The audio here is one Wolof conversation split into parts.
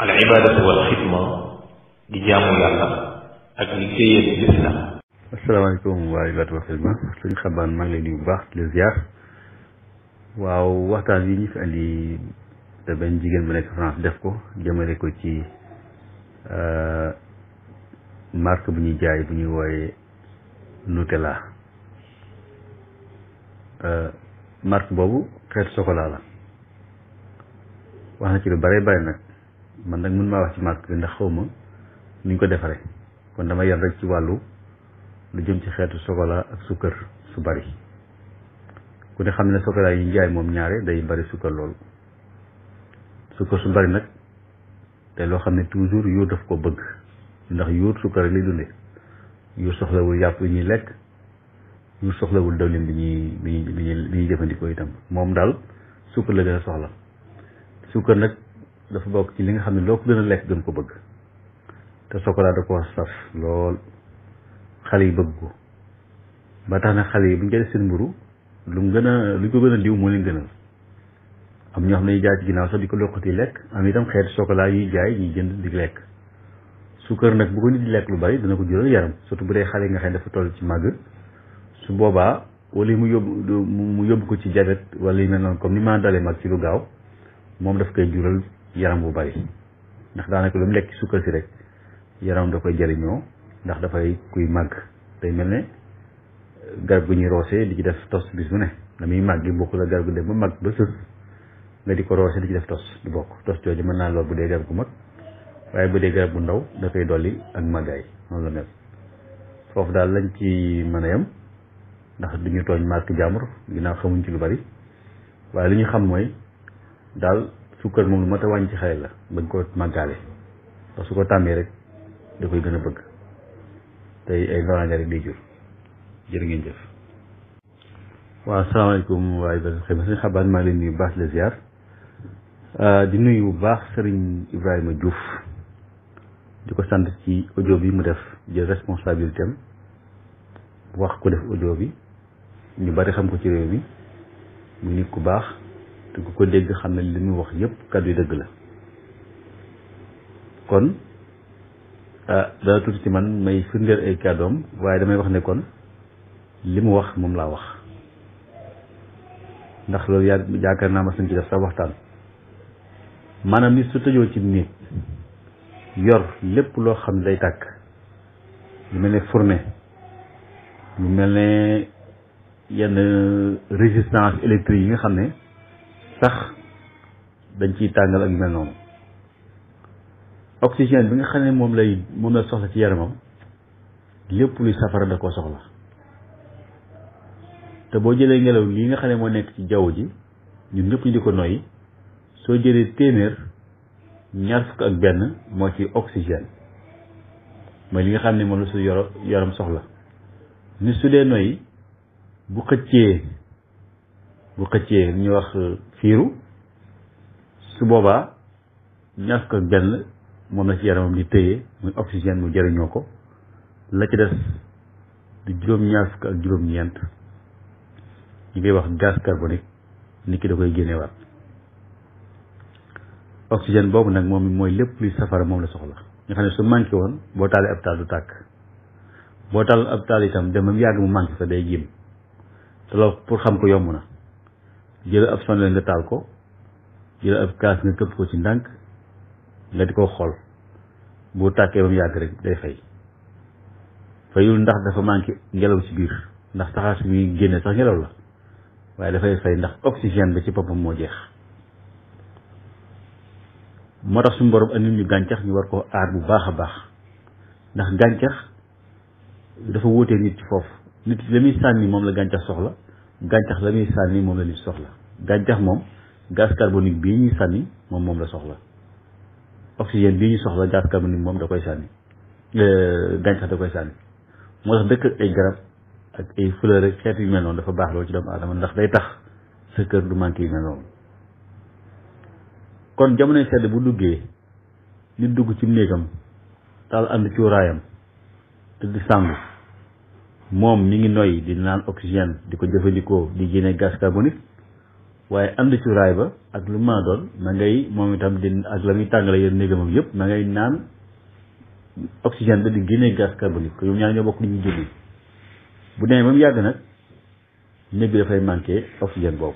al ibaadatu wal xidma di jaamu yàlla ak liggéeyal lislaam asalaamaaleykum waa ibaadatu wal xidma bu baax di la waxtaan yi ñu fi andi te benn jigéen bu nekk France def ko jëmale ko ci euh, marque bu ñuy jaay bu ñuy wooyee Nutella euh, marque boobu xeetu chocolat la wax na ci lu bare bare nag man nag mën maa wax ci màgg ndax xaw ma nuñ ko defaree kon dama yar rek ci wàllu lu jëm ci xeetu chocolat ak sukkar su bari ku ne xam ne chocolat yi njaay moom ñaare day bari sukkar lool sukkar su bari nag te loo xam ne toujours yóor daf ko bëgg ndax yóor sukkar li dunde yóor soxlawul yàpp yi ñuy lekk yóor soxlawul dawlin bi ñuy bi ñuy bi ñuy jëfandikoo itam moom daal sukkar la gën a soxla sukkar nag dafa bokk ci li nga xam ne loo ko gën a lekk gën ko bëgg te chocolat da ko saf lool xale yi bëgg ko ba tax na xale yi bu ñu koy seen mburu lu mu gën a lu ko gën a diw moo leen gënal am ñoo xam ne jaay ci ginnaaw di ko loqati lekk am itam xeetu chocolat yuy jaay ñuy jënd di lekk suukar nag bu ko nit di lu bari dana ko jural yaram surtout bu dee xale yi nga xam ne dafa toll ci màgg su boobaa wala mu yóbbu mu yóbbu ci jabet wala yu mel noonu comme ni mag ci lu gaaw moom daf koy jural yaram bu bari ndax daanaka lu mu lekk sukkal si rek yaram da koy jëriñoo ndax dafay kuy màgg day mel ne garab gu ñuy roosee di ci def tos bis bu ne la muy màgg gi bokk la garab gu dem ba màgg nga di ko roosee di ci def tos du bokk tos jooju mën naa lool bu dee garab gu mag waaye bu dee garab gu ndaw dafay dolli ak màggaay noonu la mel foofu daal lañ ci mën a yem ndax duñu tooñ marque jàmbur ginnaaw xamuñ ci lu bari waaye li ñu xam mooy daal sukkar moom lu mat a wàññi ci xale la bañ ko màggaale ndax su ko tàmmee rek da koy gën a bëgg tey ay loraange rek day jur jërë ngeen jëf waaw asalaamaaleykum waa Ibrahima xëy na suñu xabaar maa ngi leen nuyu baax la ziar di nuyu bu baax ah, Serigne Ibrahima juuf di ko sant ci audio bi mu def jël responsabilité am wax ko def audio bi ñu bari xam ko ci réew mi mu nit ku baax te ku ko dégg xam ne li mu wax yépp kàddu yi dëgg la kon ah, dana tuuti ci man may firndeel ay kàddoom waaye damay wax nekkoon li mu wax moom laa wax ndax loolu yaa yaakaar naa ma nañ ci def waxtaan maanaam nit su tëjoo ci nit yor lépp loo xam ne day tàkk lu mel ne fourne lu mel ne yenn résistance électrique yi nga xam ne sax dañ ciy tàngal ak yu mel bi nga xam ne moom lay moom la soxla ci yaramam lépp luy safara da koo soxla te boo jëlee ngelaw lii nga xam ne moo nekk ci jaww ji ñun ñëpp ñu di ko noyyi soo jëlee téeméer ñaar fukk ak benn moo ci oxygène mooy li nga xam ne moom la su yoro yaram soxla ni su dee noyyi bu xëccee bu xëccee ñu wax siiru su boobaa ñaar fukk ak benn moom la ci yaramam di téye muy oxygène mu jëriñoo ko la ci des di juróom-ñaar fukk ak juróom-ñeent ñu koy wax gaz carbonique nit ki da koy génneewaat oxygène boobu nag moom mooy lépp luy safara moom la soxla nga xam ne su manqué woon boo taalee ab taal du tàkk boo taal ab taal itam dem yàgg mu manqué fa day jéem te loolu pour xam ko yomb na jël ab sondeel nga taal ko jël ab kaas nga këpp ko ci ndànk nga di ko xool boo tàkkee ba mu yàgg rek day fay fayul ndax dafa manqué ngelaw ci biir ndax taxaar si génne sax ngelaw la waaye dafay fay ndax oxygène bi ci boppam moo jeex moo tax suñu borom andil ñu gàncax ñu war ko aar bu baax a baax ndax gàncax dafa wóotee nit ci foofu nit li muy sànni moom la gàncax soxla gàncax la muy sànni moom la nit soxla gàncax moom gaz carbonique bii ñuy sànni moom moom la soxla oxygène bii ñuy soxla gaz carbonique moom da koy sànni euh, gàncax da koy sànni moo tax dëkk ak ay garab ak ay fleur ak xeet yu mel noonu dafa baax loolu ci doomu aadama ndax day tax sa kër du manqué yu mel noonu kon jamonoy sedd bu duggee nit dugg ci néegam taal ànd cuuraayam te di sàngu moom mi ngi noyyi di naan oxygène di ko jëfandikoo di génne gaz carbonique waaye ànd ci raay ba ak lu mën a doon na ngay moom itam di ak la muy tàngale yéen néegamam yëpp na ngay naan oxygène ba di génne gaz carbonique ñoom ñaar ñoo bokk li ñuy génne bu demee ba mu yàgg nag néeg bi dafay manqué oxygène boobu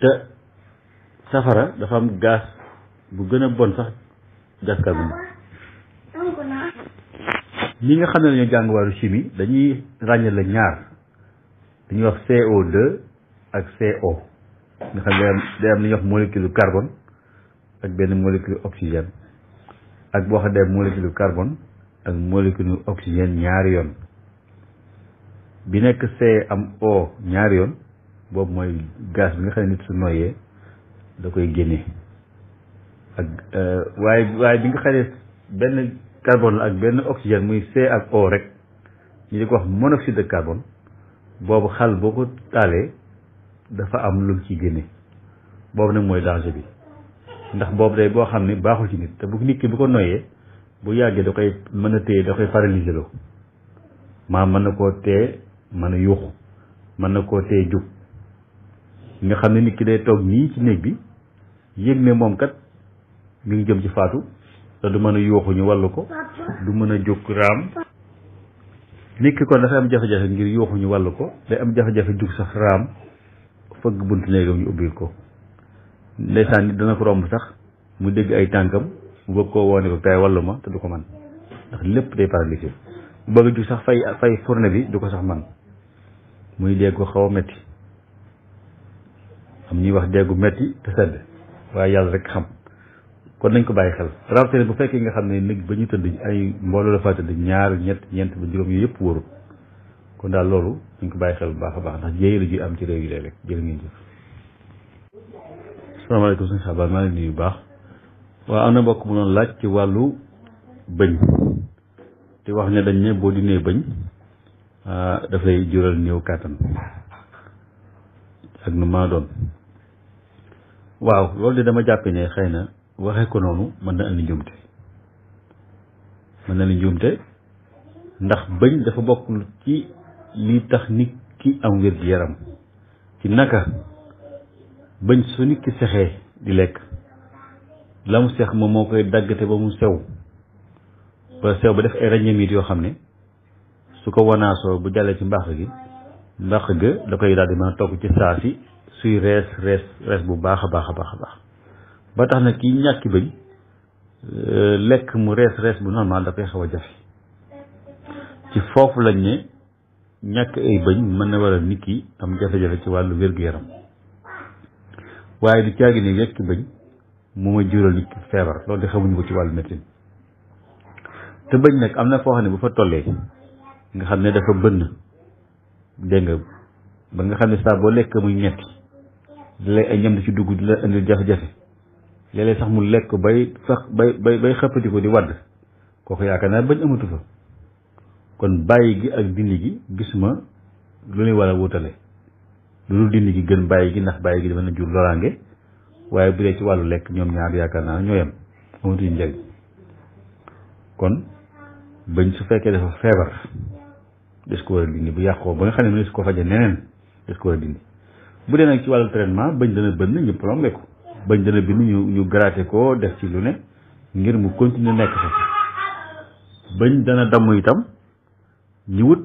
te safara dafa am gas bu gën a bon sax gaz carbonique ñi nga xam ne dañoo jàng chimie dañuy ràññale ñaar dañuy wax CO2 ak CO nga xam ne day am li wax molécule carbone ak benn molécule oxygène ak boo xam ne molécule carbone ak molécule oxygène ñaari yoon bi nekk C O ñaari yoon boobu mooy gaz bi nga xam ne nit su noyyee da koy génne ak euh, waaye waaye bi nga xam ne benn carbone la ak benn oxygène muy C ak O rek ñu di ko wax monoxyde de carbone boobu xal boo ko taalee dafa am lu ci génne boobu nag mooy danger bi ndax boobu day boo xam ne baaxul ci nit te bu nit ki bu ko noyee bu yàggee da koy mën a téye da koy paralyser loo maa mën na koo tee mën a yuuxu mën na koo tee jug nga xam ne nit ki day toog nii ci néeg bi yëg ne moom kat mi ngi jëm ci faatu te du mën a yuuxu ñu wàllu ko du mën a jóg raam nit ko kon dafay am jafe-jafe ngir yuuxu ñu wàllu ko day am jafe-jafe jug sax raam fëgg bunt néegam ñu ubbil ko ndeysaan nit dana ko romb sax mu dégg ay tànkam mu bëgg koo woone ko kaay wàllu ma te du ko man ndax lépp day paralysé bu bëgg jug sax fay fay fourne bi du ko sax man muy déggu xaw a metti am ñuy wax déggu metti te sedd waaye yàlla rek xam kon nañ ko bàyyi xel rawatina bu fekkee nga xam ne nag ba ñu tëdd ay mbooloo la fa tëdd ñaar ñett ñeent ba juróom yooyu yëpp wóorul kon daal loolu nañ ko bàyyi xel bu baax a baax ndax jéey la ji am ci réew yi léeg-léeg jërë ngeen jëf. salaamaaleykum maa ngi nuyu baax waaw am na mbokk mu doon laaj ci wàllu bëñ te wax ne dañ ne boo dinee bëñ ah, daf lay jural néew kàttan ak nu maa doon waaw loolu de dama jàpp ne xëy na. waxee ko noonu mën na indi njuumte mën na indi njuumte ndax bëñ dafa bokkul ci li tax nit ki am wér gi yaram ci naka bëñ su nit ki sexee di lekk la mu seex moom moo koy daggate ba mu sew ba sew ba def ay ràññeemiit yoo xam ne su ko wanaasoo bu jàllee ci mbàq gi mbàq ga da koy daal di mën a togg ci saa si suy rees rees rees bu baax a baax a baax a baax ba tax na kii ñàkki bëñ euh, lekk mu rees rees bu normal dafay xaw a jafe ci foofu lañ ne ñàkk ay bëñ mën na waral nit ki am jafe-jafe ci wàllu wér-gu-yaram waaye du caagi ne ñàkki bëñ mu ma jural nit ki feebar loolu de xamuñu ko ci wàllu médecine te bëñ nag am na foo xam ne bu fa tollee nga xam ne dafa bënn dégg nga ba nga xam ne saa boo lekk muy metti di ay ñam di ci dugg di la indil jafe-jafe léeg sax mu lekk bay sax bay bay bay xëppatiku di wadd kooku yaakaar naa bañ amatu fa kon bàyyi gi ak dindi gi gis ma lu ñuy war a wutale lu dul dindi gi gën bàyyi gi ndax bàyyi gi dafa na jur loraange waaye bu dee ci wàllu lekk ñoom ñaar yaakaar naa ñoo yem amatuñu njëg kon bañ su fekkee dafa feebar des ko war a dindi bu yàqoo ba nga xam ne mënees ko faje neneen des ko war a dindi bu dee nag ci wàllu traitement bañ dana bënn ñu plombé ko bëñ dana bind ñu ñu gratter koo def ci lu ne ngir mu continuer nekk fa bañ dana damm itam ñu wut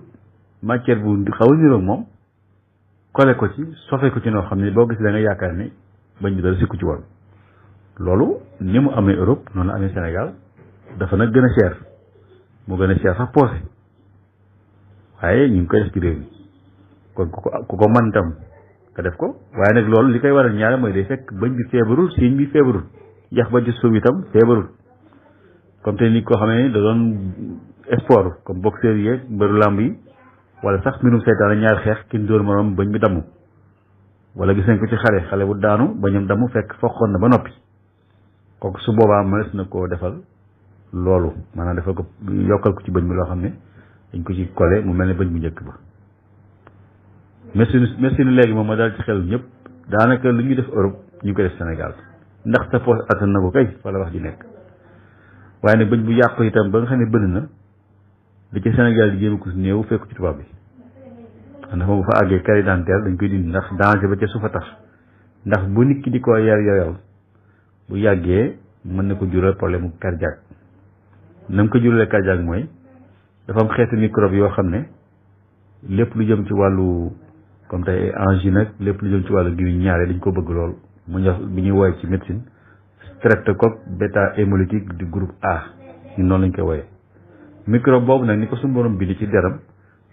matière bu xaw a niroog moom kole ko ci sofe ko ci noo xam ne boo gis da nga yaakaar ni bañ bi dara sikku ci woon loolu ni mu amee Europe noonu amee Sénégal dafa nag gën a cher mu gën a cher sax poosé waaye ñu ngi koy def ci réew mi kon ku ko ku ko man tam nga def ko waaye nag loolu li koy waral ñaari mooy day fekk bëñ bi feebarul siiñ bi feebarul yax ba ci suuf itam feebarul comme te nit koo xam ne da doon sport comme boxeur yeeg mbëru làmb yi wala sax mbirum seytaane ñaari xeex kin dóor moroom bëñ bi damm wala gis nañ ko ci xare xale bu daanu bañam damm fekk foqoon na ba noppi kooku su boobaa mënees na koo defal loolu maanaam defal ko yokkal ko ci bëñ bi loo xam ne dañ ko ci collé mu mel ne bëñ bu njëkk ba médecine médecine léegi moom ma daal ci xel ñëpp daanaka lu ñuy def Europe ñu ko def Sénégal ndax sa poos attan na ko kay wala wax ji nekk waaye nag bañ bu yàqu itam ba nga xam ne bëri na da ci Sénégal di jéem ko si néew ci tubaab bi ndax moom bu dañ koy dindi ndax danger ba ca su fa tax ndax bu nit ki di ko yar yoyal bu yàggee mën na ko jural problème cardiaque na mu ko juralee cardiaque mooy dafa am xeetu microbe yoo xam ne lépp lu jëm ci wàllu comme tey angine nag lépp lu jëm ci wàllu gémmiñ ñaare dañ ko bëgg lool mu ñor bi ñuy woowee ci médecine streptocoque bêta hémolytique du groupe A ñun noonu lañ koy woowee microbe boobu nag ni ko suñu borom bindi ci deram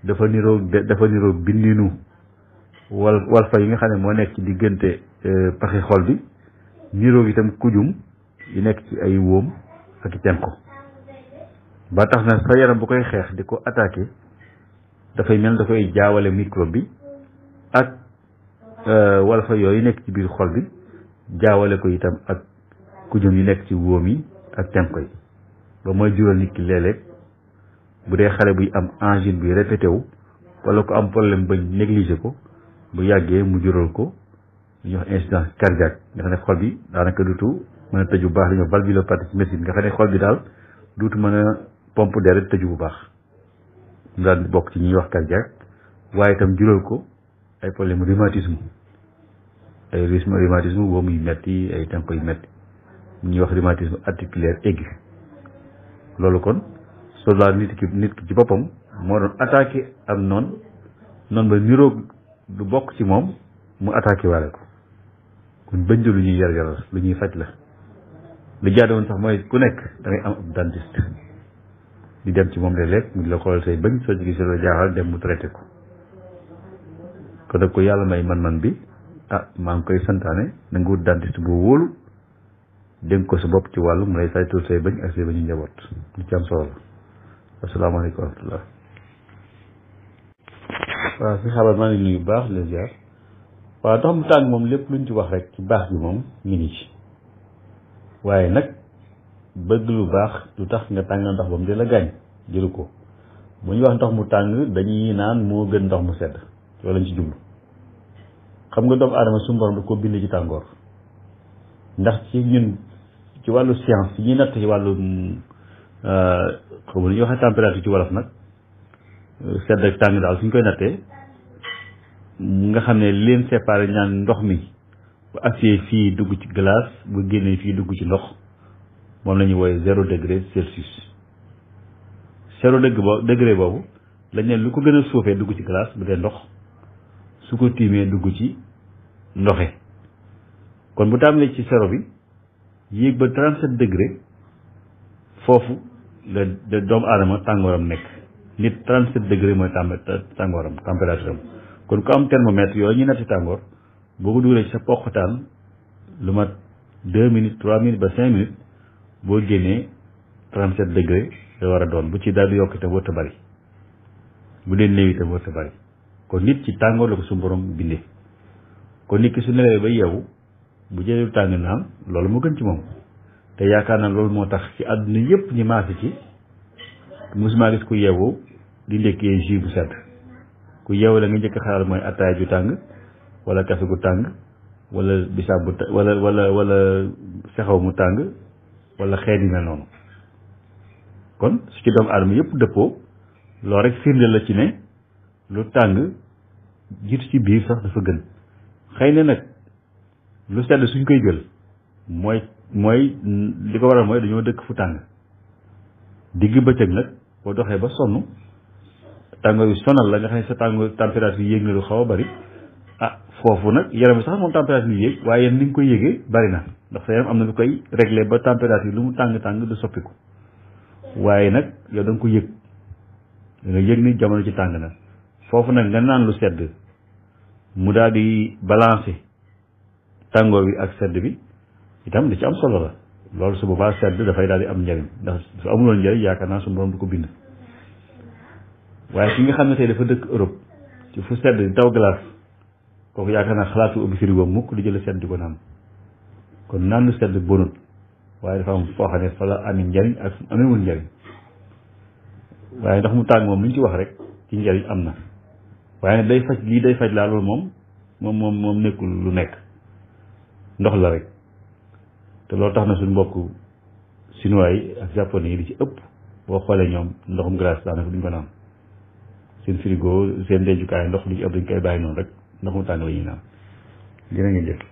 dafa niroo dafa niroo bindinu wal wal fa yi nga xam ne moo nekk ci diggante euh, paxi xol bi niroo itam kujum yi nekk ci ay wóom ak i tenko ba tax na sa yaram bu koy xeex di ko attaqué dafay mel da koy jaawale microbe bi ak euh, walfa yooyu nekk ci biir xol bi jaawale ko itam ak kujum yu nekk ci wóom yi ak tenko yi ba mooy jural nit ki léeg-léeg bu dee xale buy am angine bi répété wu wala ko am problème bañ négligé ko bu yàggee mu jural ko li ñuy wax incidence cardiaque nga xam ne xol bi daanaka dutu mën a tëju bu baax li ñuy wax valvulopathie ci médecine nga xam ne xol bi daal duutu mën a pomp deret tëju bu baax mu daal bokk ci ñuy wax cardiaque waaye itam jural ko ay problème rhumatisme ay rhumatisme boo muy metti ay tànk yu metti ñuy wax rhumatisme articulaire aigu loolu kon soldat nit ki nit ki ci boppam moo doon attaqué am noon noon ba niroog lu bokk ci moom mu attaqué waale ko kon bëñ lu ñuy yar yaral lu ñuy faj la lu jaadoon sax mooy ku nekk da am ab di dem ci moom léeg-léeg mu di la say bëñ soo ci gisee la jaaxal dem mu traité ko ko def ko yàlla may man-man bi ah maa ngi koy santaane na nga wut dentiste bu wóolu dénk ko sa bopp ci wàllu mu lay saytu say bañ ak say bañu njaboot lu ci am solo la asalaamaaleykum wa rahmatullah si xabar maa ngi nuyu baax léegi ziar waaw ndox mu tàng moom lépp luñ ci wax rek ci baax bi moom mi ngi ci waaye nag bëgg lu baax lu tax nga tànga ndox ba mu di la gaañ jëlu ko bu ñu wax ndox mu tàng dañuy naan moo gën ndox mu sedd loolu lañ ci jublu xam nga doomu aadama suñu borom ko koo bind ci tàngoor ndax ci ñun ci wàllu science yi ñuy natt ci wàllu euh, xaw ma lu ñuy waxee température ci wolof nag sedd ak tàng daal suñ koy nattee nga xam ne leen séparé ñaan ndox mi bu agsee fii dugg ci glace bu génnee fii dugg ci ndox moom la ñuy wooye zéro degré celsius zéro degré boobu degré boobu lañ ne lu ko gën a suufee dugg ci glace bu dee ndox su ko tiimee dugg ci ndoxe kon bu tàmbalee ci sero bi yéeg ba 37 degré foofu la la doomu aadama tàngooram nekk nit 37 degré mooy tàmb tàngooram température kon ku am thermomètre yooyu ñu netti tàngoor boo ko dugalee ci sa poqataan lu ma 2 minutes 3 minutes ba 5 minutes boo génnee 37 degré la war a doon bu ci daal di yokk wërta bari bu dee néew itam wërta bari kon nit ci tàngoor la ko suñu borom bindee kon nit ki su nelawee ba yeewu bu jëlee tàng naan loolu moo gën ci moom te yaakaar na loolu moo tax ci àdduna yépp ni maase ci musuma gis ku yeewu di ndekkee jus bu sedd ku yeewu la nga njëkk xalaat mooy attaaya ju tàng wala kafe gu tàng walla bisaab bu wala wala wala sexaw mu tàng wala xeet na noonu kon su ci doomu aadama yépp dëppoo loolu rek firnde la ci ne lu tàng jiitu ci biir sax dafa gën xëy na nag lu sedd suñ koy jël mooy mooy li ko waral mooy dañoo dëkk fu tàng digg bëccëg nag boo doxee ba sonn tàngoor yu sonal la nga xam ne sa tàngoor température yi yéeg na lu xaw a bari ah foofu nag yaram bi sax moom température yi yéeg waaye ni nga koy yéegee bari na ndax sa yaram am na lu koy régler ba température lu mu tàng tàng du soppiku waaye nag yow da ko yëg da nga yëg ni jamono ci tàng na foofu nag nga naan lu sedd mu daal di balancer tàngoor bi ak sedd bi itam da ci am solo la loolu su boobaa sedd dafay daal di am njariñ ndax su amuloon njariñ yaakaar naa suñu borom du ko bind waaye ki nga xam ne tey dafa dëkk Europe ci fu sedd di taw glace kooku yaakaar naa xalaatu ubbi frigo mukk di jël sedd di ko naan kon naan lu sedd bonut waaye dafa am foo xam ne fa la amee njariñ ak amewul njariñ waaye ndax mu tàng moom li ñu ci wax rek ci am na waaye day faj lii day faj laa loolu moom moom moom moom nekkul lu nekk ndox la rek te loo tax na suñ mbokk chinois yi ak japonais yi li ci ëpp boo xoolee ñoom ndoxum glace daanaka duñ ko naan seen frigo seen dencukaay ndox li ci ëpp dañ koy bàyyi noonu rek ndox mu tàng la naan dina ngeen jëf